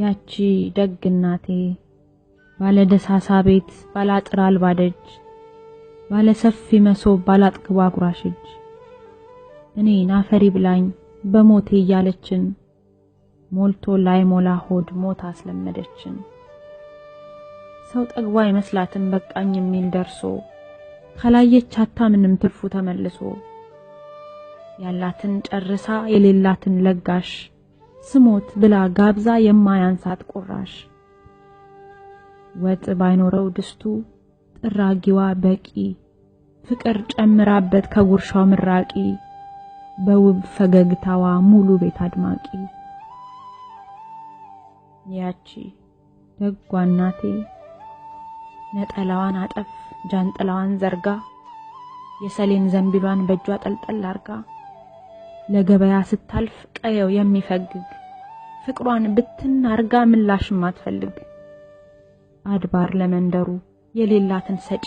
ያቺ ደግ እናቴ ባለ ደሳሳ ቤት ባለ አጥር አልባ ደጅ ባለ ሰፊ መሶብ ባለ አጥግቧ አጉራሽ እጅ እኔን አፈሪ ብላኝ በሞቴ እያለችን ሞልቶ ላይ ሞላ ሆድ ሞት አስለመደችን። ሰው ጠግቧ አይመስላትም በቃኝ የሚል ደርሶ ከላየች ምንም ትርፉ ተመልሶ ያላትን ጨርሳ የሌላትን ለጋሽ ስሞት ብላ ጋብዛ የማያንሳት ቁራሽ ወጥ ባይኖረው ድስቱ ጥራጊዋ በቂ ፍቅር ጨምራበት ከጉርሻው ምራቂ በውብ ፈገግታዋ ሙሉ ቤት አድማቂ ያቺ ደጓ እናቴ ነጠላዋን አጠፍ ጃንጥላዋን ዘርጋ የሰሌን ዘንቢሏን በእጇ ጠልጠል አርጋ ለገበያ ስታልፍ ቀየው የሚፈግግ ፍቅሯን ብትን አርጋ ምላሽ ማትፈልግ አድባር ለመንደሩ የሌላትን ሰጪ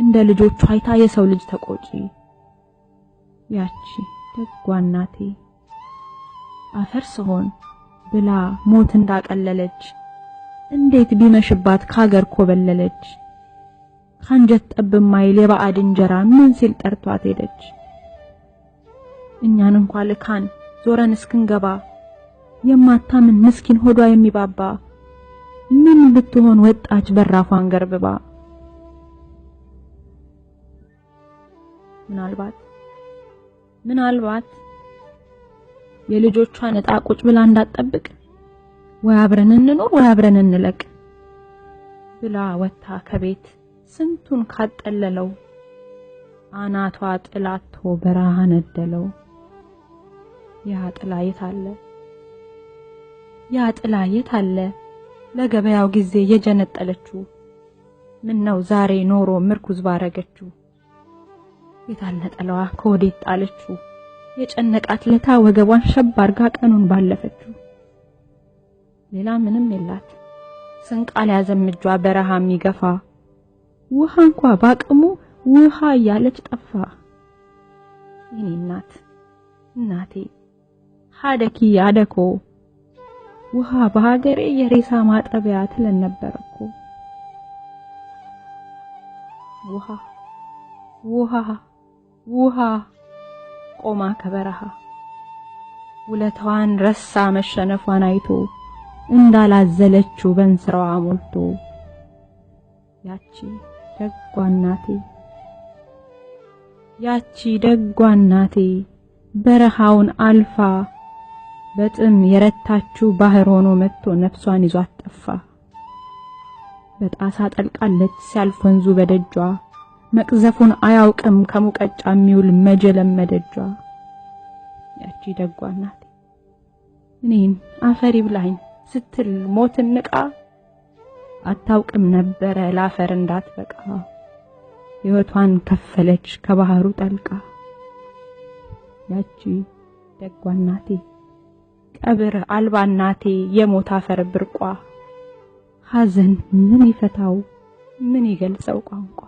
እንደ ልጆቹ አይታ የሰው ልጅ ተቆጪ ያቺ ደጓ እናቴ አፈር ስሆን ብላ ሞት እንዳቀለለች እንዴት ቢመሽባት ካገር ኮበለለች ካንጀት ጠብ ማይል የባዕድ እንጀራ ምን ሲል ጠርቷት ሄደች። እኛን እንኳ ልካን ዞረን እስክንገባ የማታምን ምስኪን ሆዷ የሚባባ ምን ብትሆን ወጣች በራፏን ገርብባ። ምናልባት ምናልባት የልጆቿን እጣ ቁጭ ብላ እንዳትጠብቅ ወይ አብረን እንኖር ወይ አብረን እንለቅ ብላ ወታ ከቤት ስንቱን ካጠለለው አናቷ ጥላቶ በረሃ ነደለው። ያ ጥላ የት አለ? ያ ጥላ የት አለ? ለገበያው ጊዜ የጀነጠለችው ምን ነው ዛሬ ኖሮ ምርኩዝ ባረገችው። የታለ ጥላዋ ከወዴት ጣለችው? የጨነቃት ለታ ወገቧን ሸብ አርጋ ቀኑን ባለፈችው። ሌላ ምንም የላት ስንቃል ያዘም እጇ በረሃ የሚገፋ ውሃ እንኳ ባቅሙ ውሃ እያለች ጠፋ። የኔ እናት እናቴ ሀደኪ አደኮ ውሃ በሀገሬ የሬሳ ማጠቢያ ትለን ነበረኮ ውሃ ውሃ ውሃ ቆማ ከበረሃ ውለታዋን ረሳ መሸነፏን አይቶ እንዳላዘለችው በእንስራዋ ሞልቶ ያቺ ደጓ እናቴ ያቺ ደጓ እናቴ በረሃውን አልፋ በጥም የረታችው ባህር ሆኖ መጥቶ ነፍሷን ይዞ አጠፋ በጣሳ ጠልቃለች ሲያልፍ ወንዙ በደጇ መቅዘፉን አያውቅም ከሙቀጫ የሚውል መጀለም መደጇ። ያቺ ደጓ ናት እኔን አፈር ይብላኝ ስትል ሞት ንቃ አታውቅም ነበረ ለአፈር እንዳትበቃ ሕይወቷን ከፈለች ከባህሩ ጠልቃ ያቺ ደጓ ናቴ ቀብር አልባ እናቴ የሞት አፈር ብርቋ ሐዘን ምን ይፈታው ምን ይገልጸው ቋንቋ